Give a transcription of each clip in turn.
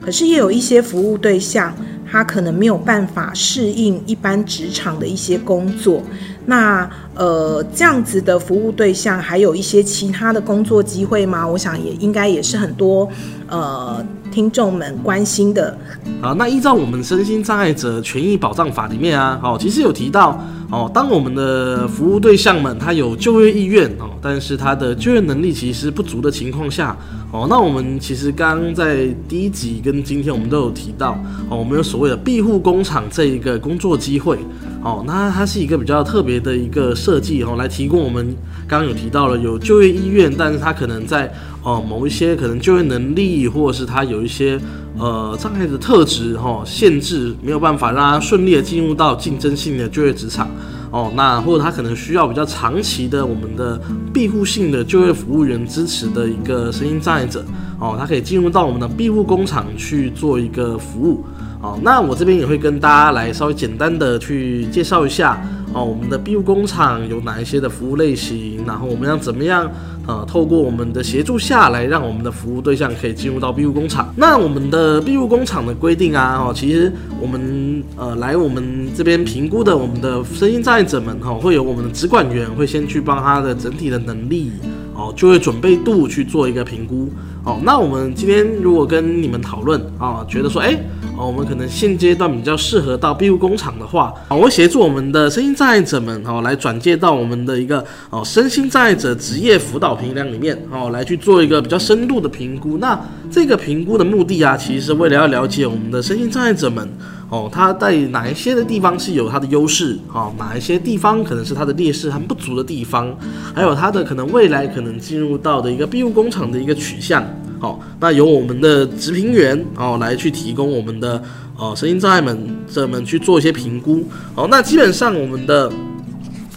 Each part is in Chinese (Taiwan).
可是也有一些服務對象，他可能沒有辦法適應一般職場的一些工作。那呃，這樣子的服務對象，還有一些其他的工作機會嗎？我想也應該也是很多呃聽眾們關心的。啊，那依照我們《身心障礙者權益保障法》裡面啊，好、哦，其實有提到。哦，當我們的服務對象們他有就業意願哦，但是他的就業能力其實不足的情況下，哦，那我們其實剛剛在第一集跟今天我們都有提到哦，我們有所謂的庇護工場這一個工作機會。哦，那它是一個比較特別的一個設計哦，來提供我們剛剛有提到了有就業意願，但是它可能在哦某一些可能就業能力，或者是它有一些呃障礙的特質哈、哦，限制沒有辦法讓他順利的進入到競爭性的就業職場。哦，那或者他可能需要比較長期的我們的庇護性的就業服務員支持的一個聲音障礙者，哦，他可以進入到我們的庇護工場去做一個服務。哦，那我這邊也會跟大家來稍微簡單的去介紹一下哦，我們的庇護工場有哪一些的服務類型，然後我們要怎麼樣，呃，透過我們的協助下來，讓我們的服務對象可以進入到庇護工場。那我們的庇護工場的規定啊，哦，其實我們呃來我們這邊評估的我們的身心障礙者們，哈、哦，會有我們的職管員會先去幫他的整體的能力哦，就業準備度去做一個評估。哦，那我們今天如果跟你們討論啊，覺得說，哎、欸。哦，我們可能現階段比較適合，到庇護工廠的話，哦、我會協助我們的身心障礙者們哦來轉介到我們的一個哦身心障礙者職業輔導評量裡面哦來去做一個比較深度的評估。那這個評估的目的啊，其實是為了要了解我們的身心障礙者們哦他在哪一些的地方是有他的優勢啊，哪一些地方可能是他的劣勢和不足的地方，還有他的可能未來可能進入到的一個庇護工廠的一個取向。好，那由我們的職評員哦來去提供我們的呃，身心障礙們者們去做一些評估。好、哦，那基本上我們的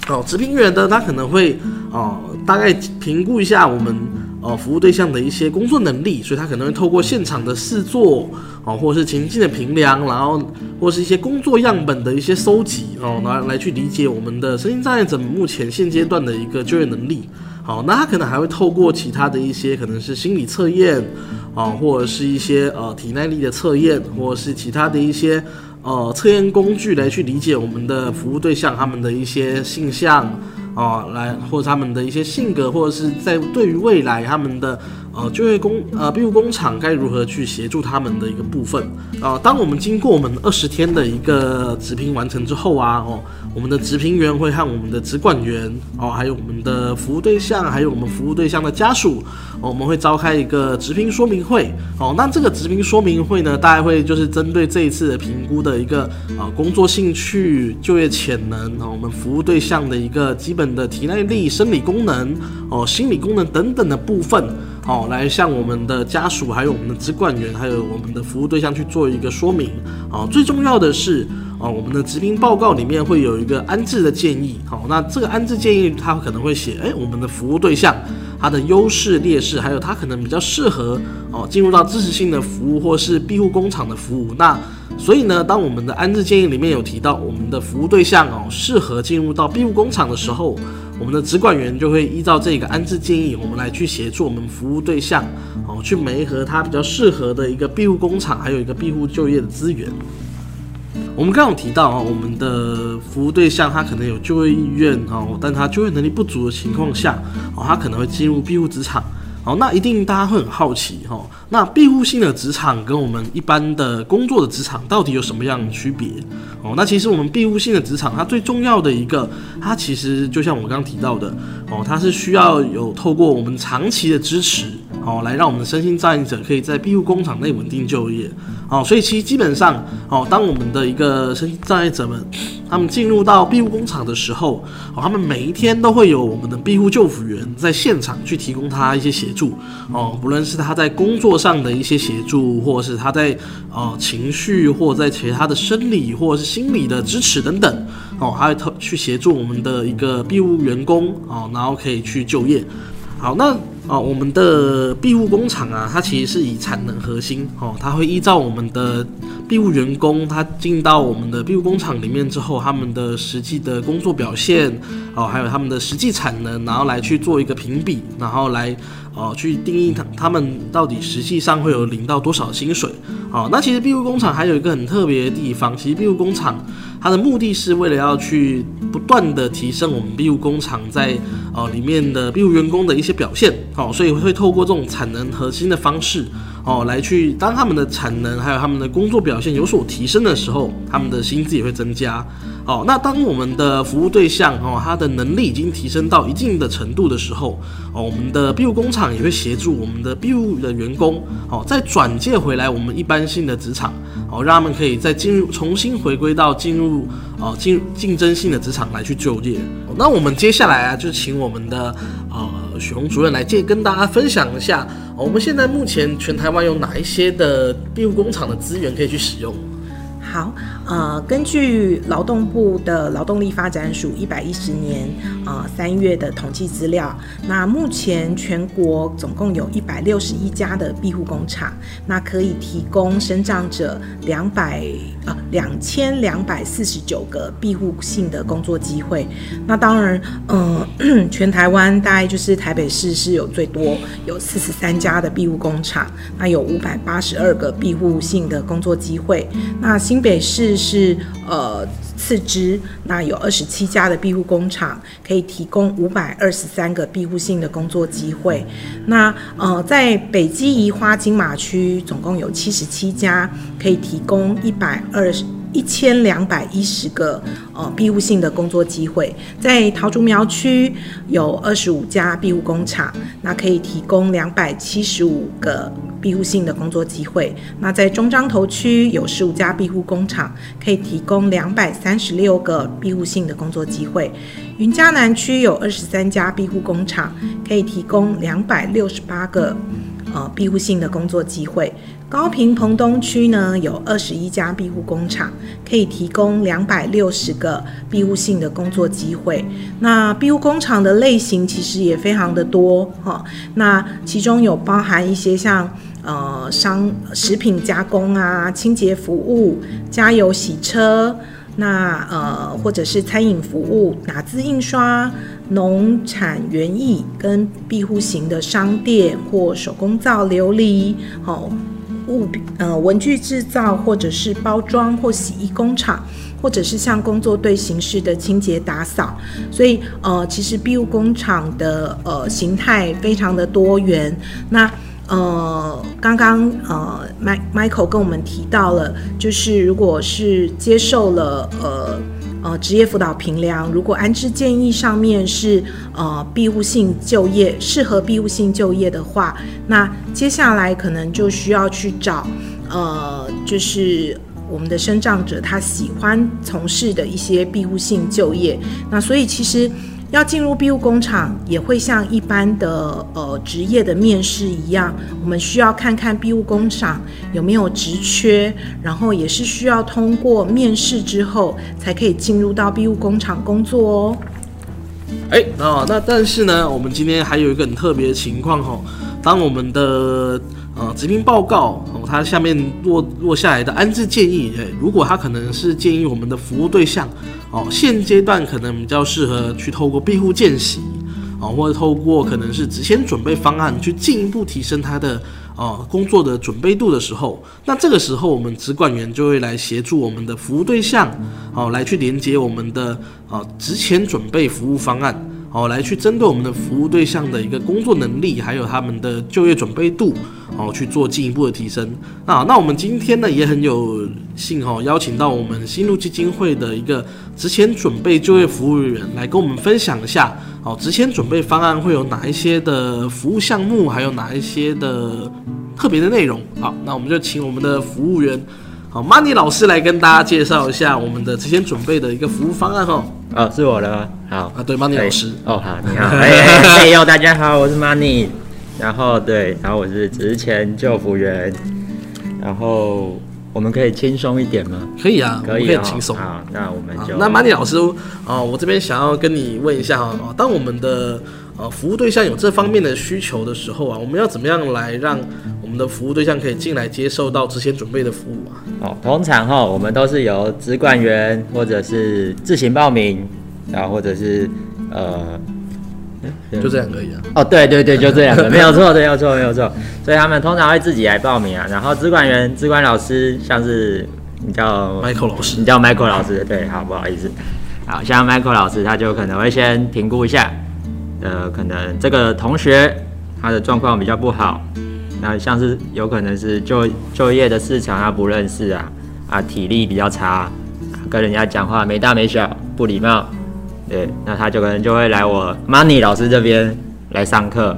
哦職評員呢，他可能會哦，大概評估一下我們呃、哦、服務對象的一些工作能力，所以他可能會透過現場的試做哦，或者是情境的評量，然後或是一些工作樣本的一些收集哦來來去理解我們的身心障礙者目前現階段的一個就業能力。哦，那他可能還會透過其他的一些，可能是心理測驗，啊、哦，或者是一些呃體耐力的測驗，或者是其他的一些呃測驗工具來去理解我們的服務對象他們的一些性向，啊、哦，來或他們的一些性格，或者是在對於未來他們的。哦、呃，就業工呃，庇護工廠該如何去協助他們的一個部分？呃，當我們經過我們二十天的一個職評完成之後啊，哦，我們的職評員會和我們的職管員，哦，還有我們的服務對象，還有我們服務對象的家屬，哦，我們會召開一個職評說明會。哦，那這個職評說明會呢，大概會就是針對這一次的評估的一個呃、哦、工作興趣、就業潛能，哦，我們服務對象的一個基本的體耐力、生理功能，哦，心理功能等等的部分。哦，來向我們的家屬、還有我們的職管員、還有我們的服務對象去做一個說明。啊、哦，最重要的是，啊、哦，我們的職評報告裡面會有一個安置的建議。好、哦，那這個安置建議它可能會寫，誒、哎，我們的服務對象，他的優勢、劣勢，還有他可能比較適合，哦，進入到支持性的服務或是庇護工場的服務。那所以呢，當我們的安置建議裡面有提到我們的服務對象哦適合進入到庇護工場的時候，我們的職管員就會依照這個安置建議，我們來去協助我們服務對象，哦，去媒合他比較適合的一個庇護工場，還有一個庇護就業的資源。我們剛剛有提到啊，我們的服務對象他可能有就業意願哦，但他就業能力不足的情況下，哦，他可能會進入庇護職場。好、哦，那一定大家會很好奇哈、哦。那庇護性的職場跟我們一般的工作的職場到底有什麼樣的區別？哦，那其實我們庇護性的職場，它最重要的一個，它其實就像我剛剛提到的，哦，它是需要有透過我們長期的支持。哦，來讓我們的身心障礙者可以在庇護工場內穩定就業。哦，所以其實基本上，哦，當我們的一個身心障礙者們，他們進入到庇護工場的時候，哦，他們每一天都會有我們的庇護就服員，在現場去提供他一些協助。哦，不論是他在工作上的一些協助，或者是他在哦、呃、情緒或在其他的生理或者是心理的支持等等。哦，還有他去協助我們的一個庇護員工。哦，然後可以去就業。好，那。哦，我們的庇護工場啊，它其實是以產能核心哦，它會依照我們的庇護員工，他進到我們的庇護工場裡面之後，他們的實際的工作表現哦，還有他們的實際產能，然後來去做一個評比，然後來。哦，去定義他他們到底實際上會有領到多少薪水。哦，那其實庇護工場還有一個很特別的地方，其實庇護工場它的目的是為了要去不斷的提升我們庇護工場在哦裡面的庇護員工的一些表現，哦，所以會透過這種產能核心的方式，哦，來去當他們的產能還有他們的工作表現有所提升的時候，他們的薪資也會增加。哦，那當我們的服務對象哦，他的能力已經提升到一定的程度的時候，哦，我們的庇護工廠也會協助我們的庇護的員工，哦，再轉介回來我們一般性的職場，哦，讓他們可以再進入重新回歸到進入，哦，進競爭性的職場來去就業。哦，那我們接下來啊，就請我們的許、呃、熊主任來借，跟大家分享一下，我們現在目前全台灣有哪一些的庇護工廠的資源可以去使用。好，呃，根據勞動部的勞動力發展署一百一十年，呃，三月的統計資料，那目前全國總共有一百六十一家的庇護工場，那可以提供身障者兩百啊兩千兩百四十九個庇護性的工作機會。那當然，嗯、呃，全台灣大概就是台北市是有最多，有四十三家的庇護工場，那有五百八十二個庇護性的工作機會。那新北市是呃。次之，那有二十七家的庇護工廠可以提供五百二十三個庇護性的工作機會。那呃，在北基宜花金馬區，總共有七十七家可以提供一百二十。一千兩百一十個呃庇護性的工作機會，在桃竹苗區有二十五家庇護工場，那可以提供兩百七十五個庇護性的工作機會。那在中彰投區有十五家庇護工場，可以提供兩百三十六個庇護性的工作機會。雲嘉南區有二十三家庇護工場，可以提供兩百六十八個。呃，庇護性的工作機會，高屏澎東區呢有二十一家庇護工場，可以提供兩百六十個庇護性的工作機會。那庇護工場的類型其實也非常的多哈、哦，那其中有包含一些像呃商食品加工啊、清潔服務、加油洗車。那呃，或者是餐飲服務、打字印刷、農產園藝跟庇護型的商店或手工皂琉璃、好物呃文具制造，或者是包裝或洗衣工廠，或者是像工作隊形式的清潔打掃。所以呃，其實庇護工場的呃形態非常的多元。那。呃，剛剛呃，邁 Michael 跟我們提到了，就是如果是接受了呃呃職業輔導評量，如果安置建議上面是呃庇護性就業，適合庇護性就業的話，那接下來可能就需要去找呃，就是我們的身障者他喜歡從事的一些庇護性就業，那所以其實。要進入庇護工廠，也會像一般的呃職業的面試一樣，我們需要看看庇護工廠有沒有職缺，然後也是需要通過面試之後，才可以進入到庇護工廠工作哦。哎，那、啊、那但是呢，我們今天還有一個很特別的情況哈、哦，當我們的。呃，職評報告哦，它下面落落下來的安置建議，哎，如果他可能是建議我們的服務對象，哦，現階段可能比較適合去透過庇護見習，哦，或者透過可能是職前準備方案去進一步提升他的哦工作的準備度的時候，那這個時候我們職管員就會來協助我們的服務對象，哦，來去連接我們的呃，哦，職前準備服務方案。哦，來去針對我們的服務對象的一個工作能力，還有他們的就業準備度，哦，去做進一步的提升。那，那我們今天呢也很有幸哦，邀請到我們新路基金會的一個職前準備就業服務員來跟我們分享一下，哦，職前準備方案會有哪一些的服務項目，還有哪一些的特別的內容。好，那我們就請我們的服務員。好，Money 老師來跟大家介紹一下我們的職前準備的一個服務方案哦，啊，是我的。好啊，對，Money 老師、欸。哦，好，你好。哎、 欸欸欸、呦，大家好，我是 Money。然後對，然後我是職前就服員。然後我們可以輕鬆一點嗎？可以啊，可以、啊、可以輕鬆。那我們就。那 Money 老師哦、呃，我這邊想要跟你問一下哈，當我們的呃，服務對象有這方面的需求的時候啊，我們要怎麼樣來讓我們的服務對象可以進來接受到職前準備的服務啊？哦，通常吼、哦，我們都是由職管員或者是自行報名，然後或者是呃，嗯、就這樣可以了。哦，對對對，就這樣子， 沒有錯對，沒有錯，沒有錯。所以他們通常會自己來報名啊，然後職管員、職管老師，像是你叫 Michael 老師，你叫 Michael 老師，對，好，不好意思，好像 Michael 老師他就可能會先評估一下。呃，可能這個同學他的狀況比較不好，那像是有可能是就就業的市場他不認識啊，啊，體力比較差，啊，跟人家講話沒大沒小，不禮貌，對，那他就可能就會來我 Money 老師這邊來上課，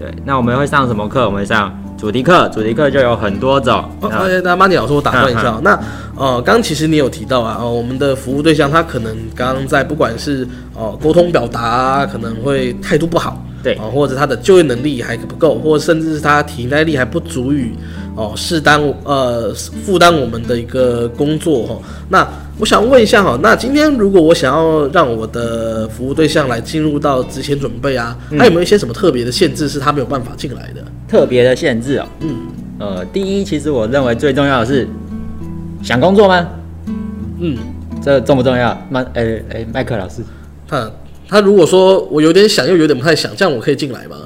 對，那我們會上什麼課？我們上。主題課，主題課就有很多種。哦，啊哎、那曼妮老師，我打斷一下。啊、那，呃，剛其實你有提到啊，呃，我們的服務對象他可能剛剛在不管是哦溝、呃、通表達、啊，可能會態度不好，對，啊、呃，或者他的就業能力還不夠，或者甚至是他體耐力還不足以哦適、呃、當呃負擔我們的一個工作哈、呃。那我想問一下哈，那今天如果我想要讓我的服務對象來進入到職前準備啊，嗯、他有沒有一些什麼特別的限制，是他沒有辦法進來的？特別的限制啊、哦。嗯，呃，第一，其實我認為最重要的是想工作嗎？嗯，這重不重要？麥、哎，誒、哎、誒，麥克老師，他他如果說我有點想，又有點不太想，這樣我可以進來嗎？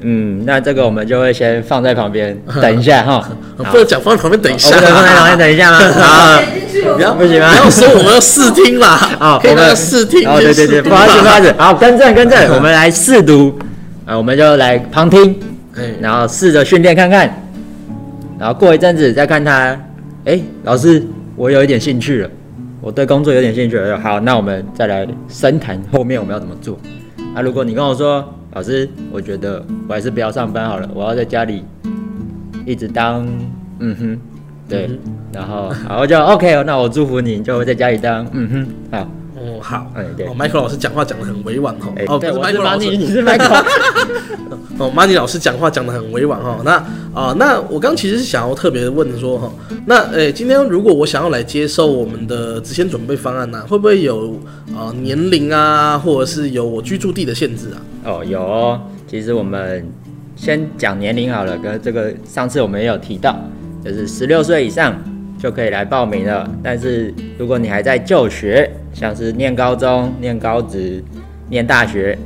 嗯，那這個我們就會先放在旁邊等一下哈，或者講放在旁邊等一下，放在旁邊等一下嗎？啊，不行啊嗎？不要我說我們要試聽啦啊，我們要試聽、聽，哦、對、對對對，不好意思，不好意思，好，跟着跟着我們來試讀，啊、呃，我們就來旁聽，哎，然後試着訓練看看，然後過一陣子再看他，哎、欸，老師，我有一點興趣了，我對工作有一點興趣了，好，那我們再來深談後面我們要怎麼做，啊，如果你跟我說。老師，我覺得我還是不要上班好了，我要在家裡一直當，嗯哼，對，嗯、哼然後，然後就 OK 那我祝福你，就在家裡當，嗯哼，好。好，哎、嗯，對，哦，Michael 對老師講話講得很委婉哦，哦，對，Michael 老師，哦，Mani 老師講話講得很委婉哦，那啊、呃，那我剛，剛其實是想要特別問說哈、哦，那哎，今天如果我想要來接受我們的職前準備方案呢、啊，會不會有呃，年齡啊，或者是有我居住地的限制啊？哦，有哦，其實我們先講年齡好了，跟這個上次我們也有提到，就是十六歲以上。就可以來報名了。但是如果你還在就學，像是念高中、念高職、念大學，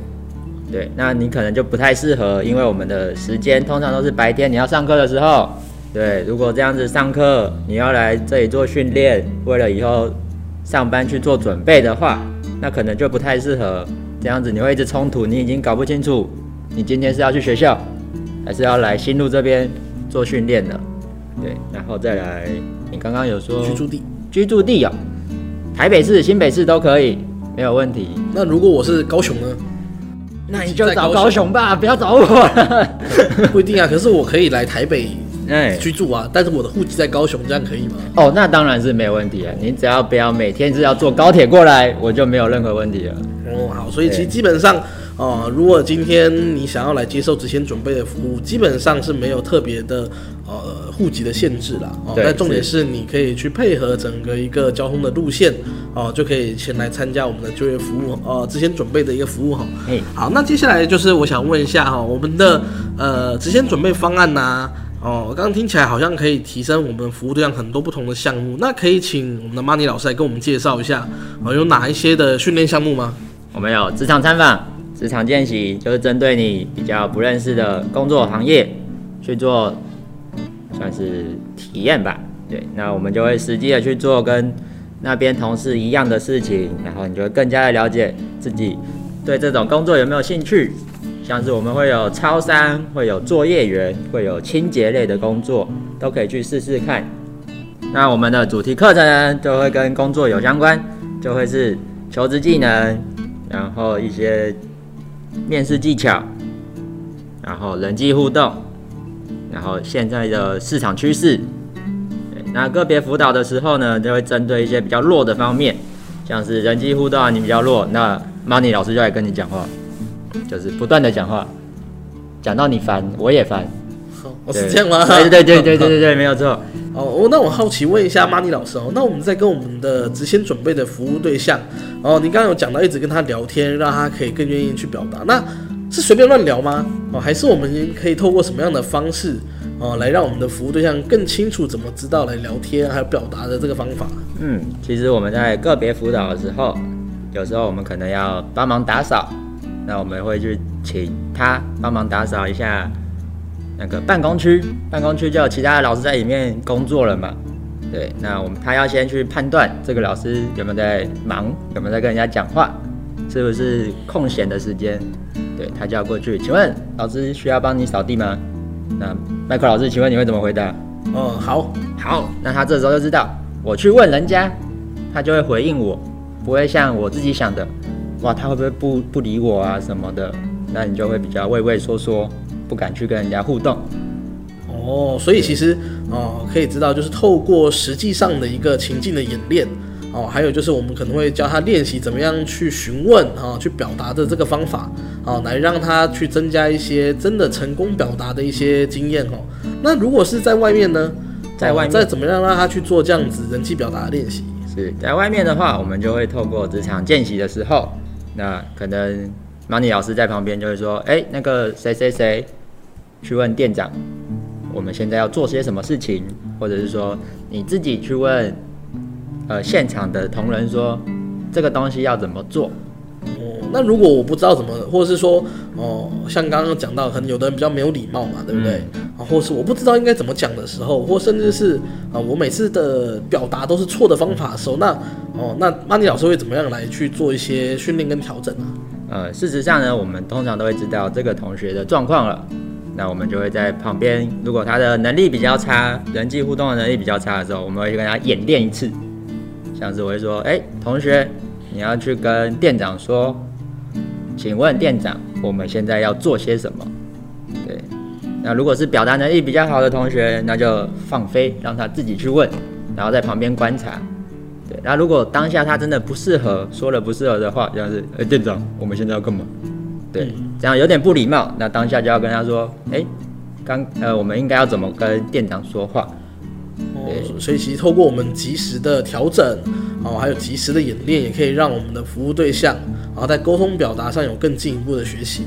對，那你可能就不太適合，因為我們的時間通常都是白天你要上課的時候。對，如果這樣子上課，你要來這裡做訓練，為了以後上班去做準備的話，那可能就不太適合。這樣子你會一直衝突，你已經搞不清楚你今天是要去學校，還是要來新路這邊做訓練了。對，然後再來。你剛剛有說居住地，居住地啊、喔，台北市、新北市都可以，沒有問題。那如果我是高雄呢？那你就找高雄吧，雄不要找我。不一定啊，可是我可以來台北居住啊，嗯、但是我的戶籍在高雄，這樣可以嗎？哦，那當然是沒有問題啊。你只要不要每天是要坐高鐵過來，我就沒有任何問題了。哦，好，所以其實基本上，哦對、呃，如果今天你想要來接受職前準備的服務，基本上是沒有特別的。呃，戶籍的限制啦，哦對，那重點是你可以去配合整個一個交通的路線，哦是、喔，就可以前來參加我們的就業服務，呃、喔，職前準備的一個服務哈。Hey. 好，那接下來就是我想問一下哈，我們的呃職前準備方案呢、啊？哦、喔，剛剛聽起來好像可以提升我們服務對象很多不同的項目，那可以請我們的 Mani 老師來跟我們介紹一下，哦、喔，有哪一些的訓練項目嗎？我們有職場參訪、職場見習，就是針對你比較不認識的工作行業去做。算是體驗吧，對，那我們就會實際的去做跟那邊同事一樣的事情，然後你就會更加的了解自己對這種工作有沒有興趣。像是我們會有超商，會有作業員，會有清潔類的工作，都可以去試試看。那我們的主題課程呢，就會跟工作有相關，就會是求職技能，然後一些面試技巧，然後人際互動，然後現在的市場趨勢對。那個別輔導的時候呢，就會針對一些比較弱的方面，像是人際互動啊，你比較弱，那 Money 老師就來跟你講話，就是不斷的講話，講到你煩，我也煩，好，我對是這樣嗎？對對對對對對、嗯、沒有錯。哦，那我好奇問一下 Money 老師哦，那我們在跟我們的職前準備的服務對象哦，你剛剛有講到一直跟他聊天，讓他可以更願意去表達，那。是隨便亂聊嗎？哦，還是我們可以透過什麼樣的方式哦，來讓我們的服務對象更清楚怎麼知道來聊天啊，還有表達的這個方法？嗯，其實我們在個別輔導的時候，有時候我們可能要幫忙打掃，那我們會去請他幫忙打掃一下那個辦公區，辦公區就有其他的老師在裡面工作了嘛？對，那我們他要先去判斷這個老師有沒有在忙，有沒有在跟人家講話，是不是空閒的時間？他就要過去，請問老師需要幫你掃地嗎？那麥克老師，請問你會怎麼回答？哦、嗯，好，好，那他這時候就知道，我去問人家，他就會回應我，不會像我自己想的，哇，他會不會不不理我啊什麼的？那你就會比較畏畏縮縮，不敢去跟人家互動。哦，所以其實哦對、呃，可以知道就是透過實際上的一個情境的演練。哦，還有就是我們可能會教他練習怎麼樣去詢問啊、哦，去表達的這個方法，啊、哦，來讓他去增加一些真的成功表達的一些經驗哦，那如果是在外面呢，在外面、哦、再怎麼樣讓他去做這樣子人際表達的練習，是在外面的話，我們就會透過職場見習的時候，那可能 Money 老師在旁邊就會說，哎、欸，那個誰誰誰去問店長，我們現在要做些什麼事情，或者是說你自己去問。呃，現場的同仁說，這個東西要怎麼做？哦，那如果我不知道怎麼，或者是說，哦，像剛剛講到，可能有的人比較沒有禮貌嘛，對不對？嗯、啊，或是我不知道應該怎麼講的時候，或甚至是啊，我每次的表達都是錯的方法的時候，那哦，那曼妮老師會怎麼樣來去做一些訓練跟調整呢、啊？呃，事實上呢，我們通常都會知道這個同學的狀況了，那我們就會在旁邊，如果他的能力比較差，人際互動的能力比較差的時候，我們會去跟他演練一次。像是我會說，哎、欸，同學，你要去跟店長說，請問店長，我們現在要做些什麼？對，那如果是表達能力比較好的同學，那就放飛，讓他自己去問，然後在旁邊觀察。對，那如果當下他真的不適合、嗯、說了不適合的話，像是，哎、欸，店長，我們現在要幹嘛？對，這樣有點不禮貌，那當下就要跟他說，哎、欸，剛，呃，我們應該要怎麼跟店長說話？哦，所以其實透過我們及時的調整，哦，還有及時的演練，也可以讓我們的服務對象，然、哦、後在溝通表達上有更進一步的學習。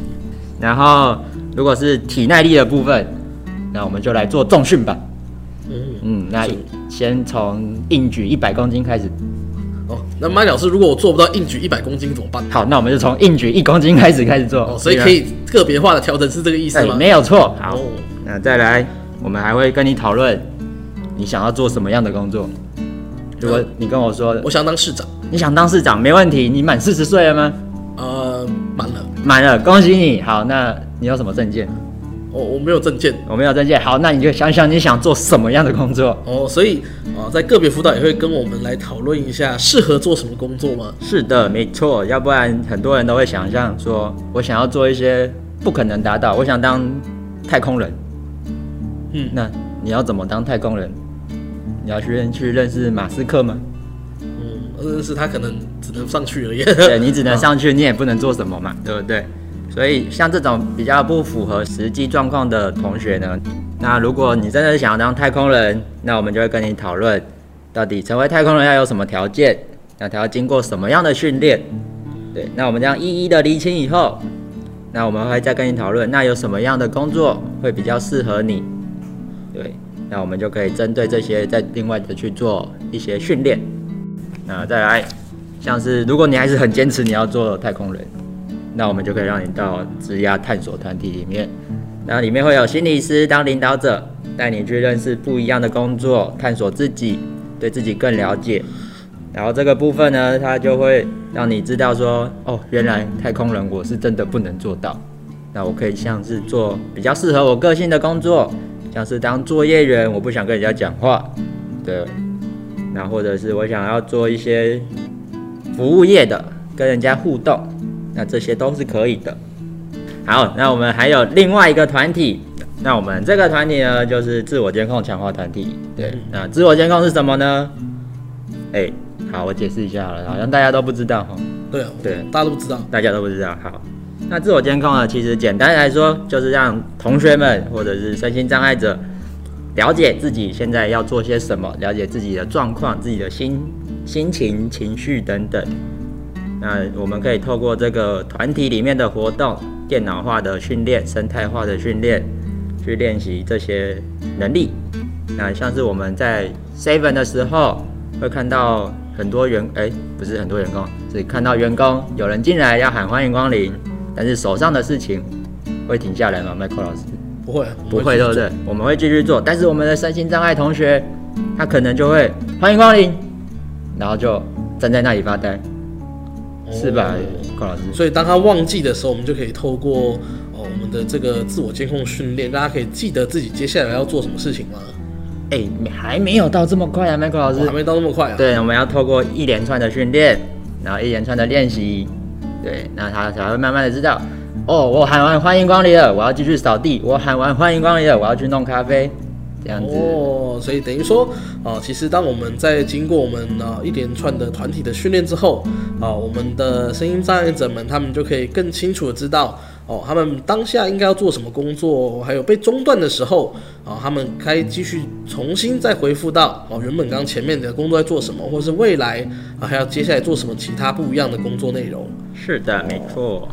然後，如果是體耐力的部分，那我們就來做重訓吧。嗯嗯，那是先從硬舉一百公斤開始。哦，那麥老師，如果我做不到硬舉一百公斤怎麼辦？好，那我們就從硬舉一公斤開始開始做。哦，所以可以個別化的調整是這個意思嗎？欸、沒有錯。好，哦、那再來，我們還會跟你討論。你想要做什麼樣的工作？如果你跟我說，嗯、我想當市長，你想當市長沒問題。你滿四十歲了嗎？呃，滿了，滿了，恭喜你。好，那你有什麼證件？我、哦、我沒有證件，我沒有證件。好，那你就想想你想做什麼樣的工作哦。所以啊，在個別輔導也會跟我們來討論一下適合做什麼工作嗎？是的，沒錯。要不然很多人都會想象說，我想要做一些不可能達到，我想當太空人。嗯，那你要怎麼當太空人？你要去認去認識馬斯克嗎？嗯，認識他可能只能上去而已。 對，你只能上去，啊、你也不能做什麼嘛，對不對？所以像這種比較不符合實際狀況的同學呢，那如果你真的想要當太空人，那我們就會跟你討論，到底成為太空人要有什麼條件，那他要經過什麼樣的訓練？對，那我們這樣一一的釐清以後，那我們會再跟你討論，那有什麼樣的工作會比較適合你？對。那我們就可以針對這些，再另外的去做一些訓練。那再來，像是如果你還是很堅持你要做太空人，那我們就可以讓你到職業探索團體裡面。那裡面會有心理師當領導者，帶你去認識不一樣的工作，探索自己，對自己更了解。然後這個部分呢，它就會讓你知道說，哦，原來太空人我是真的不能做到。那我可以像是做比較適合我個性的工作。像是當作業員，我不想跟人家講話，對。那或者是我想要做一些服務業的，跟人家互動，那這些都是可以的。好，那我們還有另外一個團體，那我們這個團體呢，就是自我監控強化團體。對，那自我監控是什麼呢？哎、欸，好，我解釋一下好了，好像大家都不知道哈。對對，大家都不知道，大家都不知道。好。那自我監控呢？其實簡單來說，就是讓同學們或者是身心障礙者了解自己現在要做些什麼，了解自己的狀況、自己的心心情、情緒等等。那我們可以透過這個團體裡面的活動、電腦化的訓練、生態化的訓練，去練習這些能力。那像是我們在 Seven 的時候，會看到很多員，哎，不是很多員工，是看到員工有人進來要喊歡迎光臨。但是手上的事情會停下來嗎？Michael 老師不會，不會，對不對？我們會繼續做。但是我們的身心障礙同學，他可能就會歡迎光臨，然後就站在那裡發呆，是吧？哦、麥克老師？所以當他忘記的時候，我們就可以透過哦我們的這個自我監控訓練，大家可以記得自己接下來要做什麼事情嗎？哎，還沒有到這麼快啊，Michael 老師。哦，還沒到這麼快啊？對，我們要透過一連串的訓練，然後一連串的練習。對，那他才會慢慢的知道，哦，我喊完歡迎光臨了，我要繼續掃地；我喊完歡迎光臨了，我要去弄咖啡，這樣子。哦，所以等於說，哦、呃，其實當我們在經過我們啊、呃、一連串的團體的訓練之後，啊、呃，我們的聲音障礙者們，他們就可以更清楚的知道。哦，他們當下應該要做什麼工作？還有被中斷的時候，哦，他們該繼續重新再回復到哦原本剛前面的工作在做什麼，或是未來啊還要接下來做什麼其他不一樣的工作內容？是的，沒錯、哦。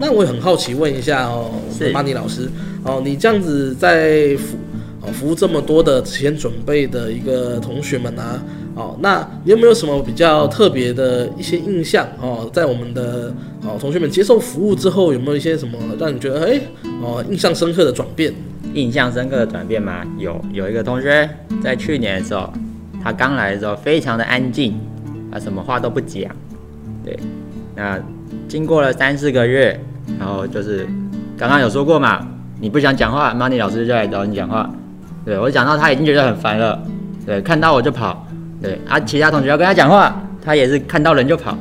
那我也很好奇問一下哦，曼尼是老師，哦，你這樣子在服哦服務這麼多的職前準備的一個同學們呢、啊？哦，那你有沒有什麼比較特別的一些印象哦？在我們的哦同學們接受服務之後，有沒有一些什麼讓你覺得哎、欸、哦印象深刻的轉變？印象深刻的轉變嗎？有，有一個同學在去年的時候，他剛來的時候非常的安靜，他什麼話都不講。對，那經過了三四個月，然後就是剛剛有說過嘛，你不想講話，Money 老師就來找你講話。對，我講到他已經覺得很煩了，對，看到我就跑。對啊，其他同學要跟他講話，他也是看到人就跑。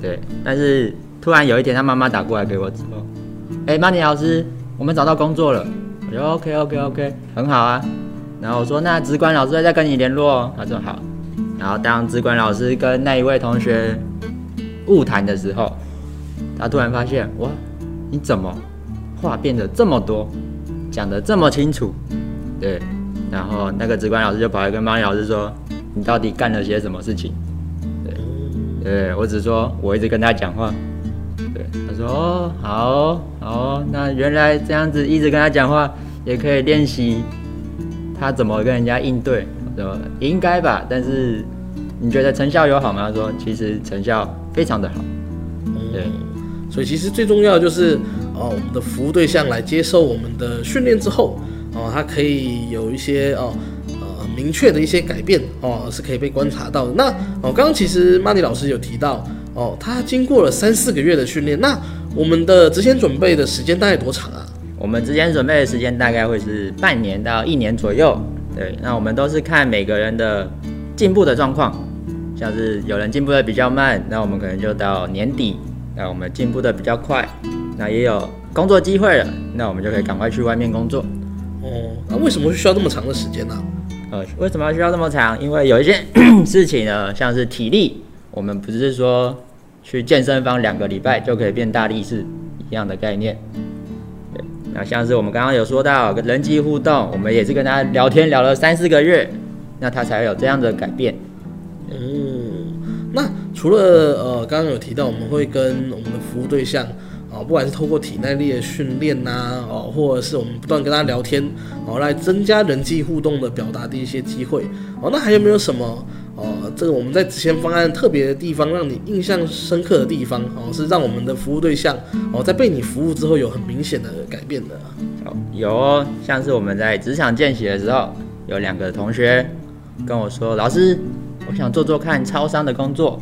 對，但是突然有一天，他媽媽打過來給我之後，哎、欸，曼尼老師，我們找到工作了。”我說 OK OK OK，很好啊。然後我說：“那職管老師會再跟你聯絡哦。”他說：“好。”然後當職管老師跟那一位同學晤談的時候，他突然發現：“哇，你怎麼話變得這麼多，講得這麼清楚？”對，然後那個職管老師就跑去跟曼尼老師說。你到底幹了些什麼事情？對，對，我只說我一直跟他講話，對，他說哦，好哦，好哦，那原來這樣子一直跟他講話也可以練習，他怎麼跟人家應對，對吧？應該吧。但是你覺得成效有好嗎？他說其實成效非常的好，對。嗯，所以其實最重要的就是哦，我們的服務對象來接受我們的訓練之後，哦，他可以有一些哦。明確的一些改變哦，是可以被觀察到的。那哦，剛剛其實曼妮老師有提到哦，他經過了三四個月的訓練。那我們的職前準備的時間大概多長啊？我們職前準備的時間大概會是半年到一年左右。對，那我們都是看每個人的進步的狀況，像是有人進步得比較慢，那我們可能就到年底；那我們進步得比較快，那也有工作機會了，那我們就可以趕快去外面工作。哦，那、啊、為什麼需要這麼長的時間呢、啊？呃，為什麼要需要這麼長？因為有一件 事情呢，像是體力，我們不是說去健身房兩個禮拜就可以變大力士一樣的概念。對，那像是我們剛剛有說到跟人際互動，我們也是跟他聊天聊了三四個月，那他才有這樣的改變。嗯，那除了呃，剛剛有提到我們會跟我們的服務對象。哦，不管是透過體耐力的訓練吶，哦，或者是我們不斷跟大家聊天，哦，來增加人際互動的表達的一些機會，哦，那還有沒有什麼？哦，這個我們在職前方案特別的地方，讓你印象深刻的地方，哦，是讓我們的服務對象，哦，在被你服務之後有很明顯的改變的、啊。哦，有哦，像是我們在職場見習的時候，有兩個同學跟我說，老師，我想做做看超商的工作，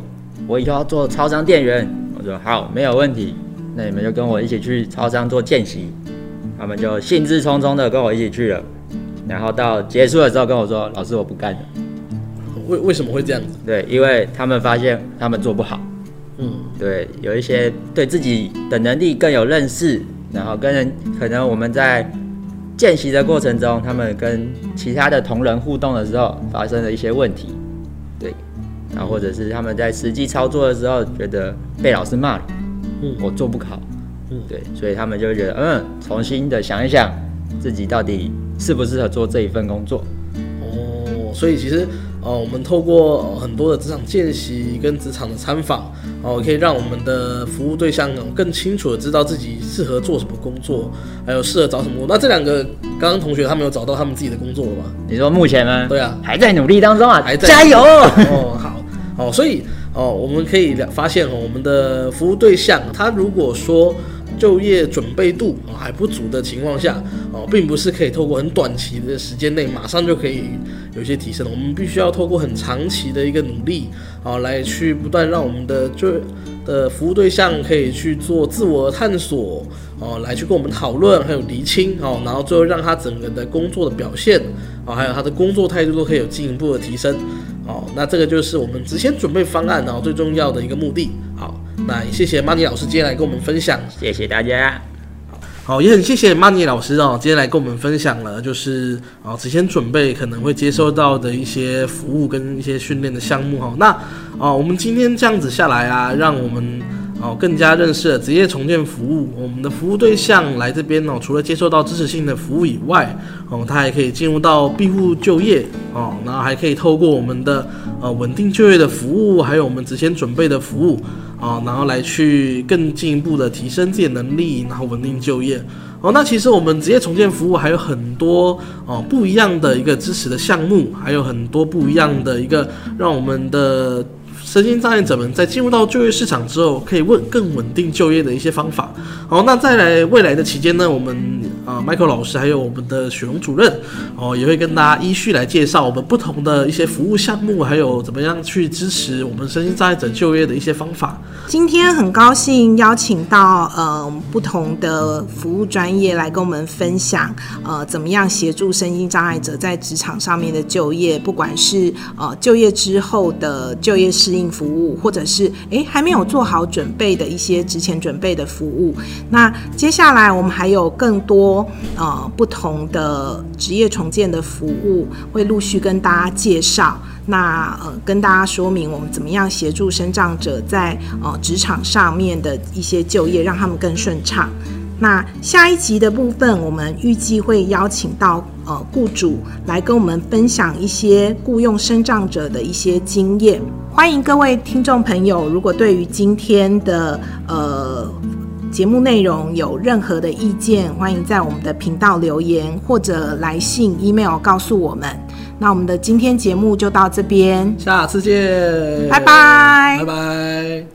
我以後要做超商店員。我說好，沒有問題。那你們就跟我一起去超商做見習，嗯、他們就興致沖沖的跟我一起去了，嗯、然後到結束的時候跟我說：“老師，我不幹了。為”為為什麼會這樣子？對，因為他們發現他們做不好。嗯，對，有一些對自己的能力更有認識，然後跟人可能我們在見習的過程中，他們跟其他的同仁互動的時候發生了一些問題。對，然後或者是他們在實際操作的時候覺得被老師罵了。嗯、我做不好，嗯、對，所以他們就會覺得，嗯，重新的想一想，自己到底適不適合做這一份工作。哦，所以其實，哦、呃，我們透過很多的職場見習跟職場的參訪，哦、呃，可以讓我們的服務對象更清楚的知道自己適合做什麼工作，還有適合找什麼工作。那這兩個剛剛同學，他們有找到他們自己的工作了嗎？你說目前呢？對啊，還在努力當中啊，還在加油。哦，好，哦，所以。哦，我們可以了發現，哦，我們的服務對象，他如果說就業準備度，哦，還不足的情況下，哦，並不是可以透過很短期的時間內馬上就可以有些提升。我們必須要透過很長期的一個努力，啊，哦，來去不斷讓我們的就的服務對象可以去做自我的探索，哦，來去跟我們討論，還有釐清，哦，然後最後讓他整個的工作的表現，啊，哦，還有他的工作態度都可以有進一步的提升。哦，那這個就是我們職前準備方案然、哦、後最重要的一個目的。好、哦，那也謝謝曼尼老師今天來跟我們分享，謝謝大家。好，也很謝謝曼尼老師哦，今天來跟我們分享了就是啊，職、哦、前準備可能會接受到的一些服務跟一些訓練的項目哦。那啊、哦，我們今天這樣子下來啊，讓我們。哦，更加認識了職業重建服務。我們的服務對象來這邊呢，除了接受到支持性的服務以外，哦，他還可以進入到庇護就業，哦，然後還可以透過我們的呃穩定就業的服務，還有我們職前準備的服務，啊，然後來去更進一步的提升自己的能力，然後穩定就業。哦，那其實我們職業重建服務還有很多哦不一樣的一個支持的項目，還有很多不一樣的一個讓我們的。身心障礙者們在進入到就業市場之後，可以問更穩定就業的一些方法。好，那再來未來的期間呢，我們啊、呃、Michael 老師還有我們的雪龍主任哦、呃，也會跟大家依序來介紹我們不同的一些服務項目，還有怎麼樣去支持我們身心障礙者就業的一些方法。今天很高興邀請到嗯、呃、不同的服務專業來跟我們分享，呃，怎麼樣協助身心障礙者在職場上面的就業，不管是呃就業之後的就業適應。服務，或者是誒、欸、還沒有做好準備的一些職前準備的服務。那接下來我們還有更多呃不同的職業重建的服務，會陸續跟大家介紹。那呃跟大家說明我們怎麼樣協助身障者在呃職場上面的一些就業，讓他們更順暢。那下一集的部分，我們預計會邀請到呃雇主來跟我們分享一些雇用身障者的一些經驗。歡迎各位聽眾朋友，如果對於今天的呃節目內容有任何的意見，歡迎在我們的頻道留言或者來信 email 告訴我們。那我們的今天節目就到這邊，下次見，拜拜 bye，拜拜。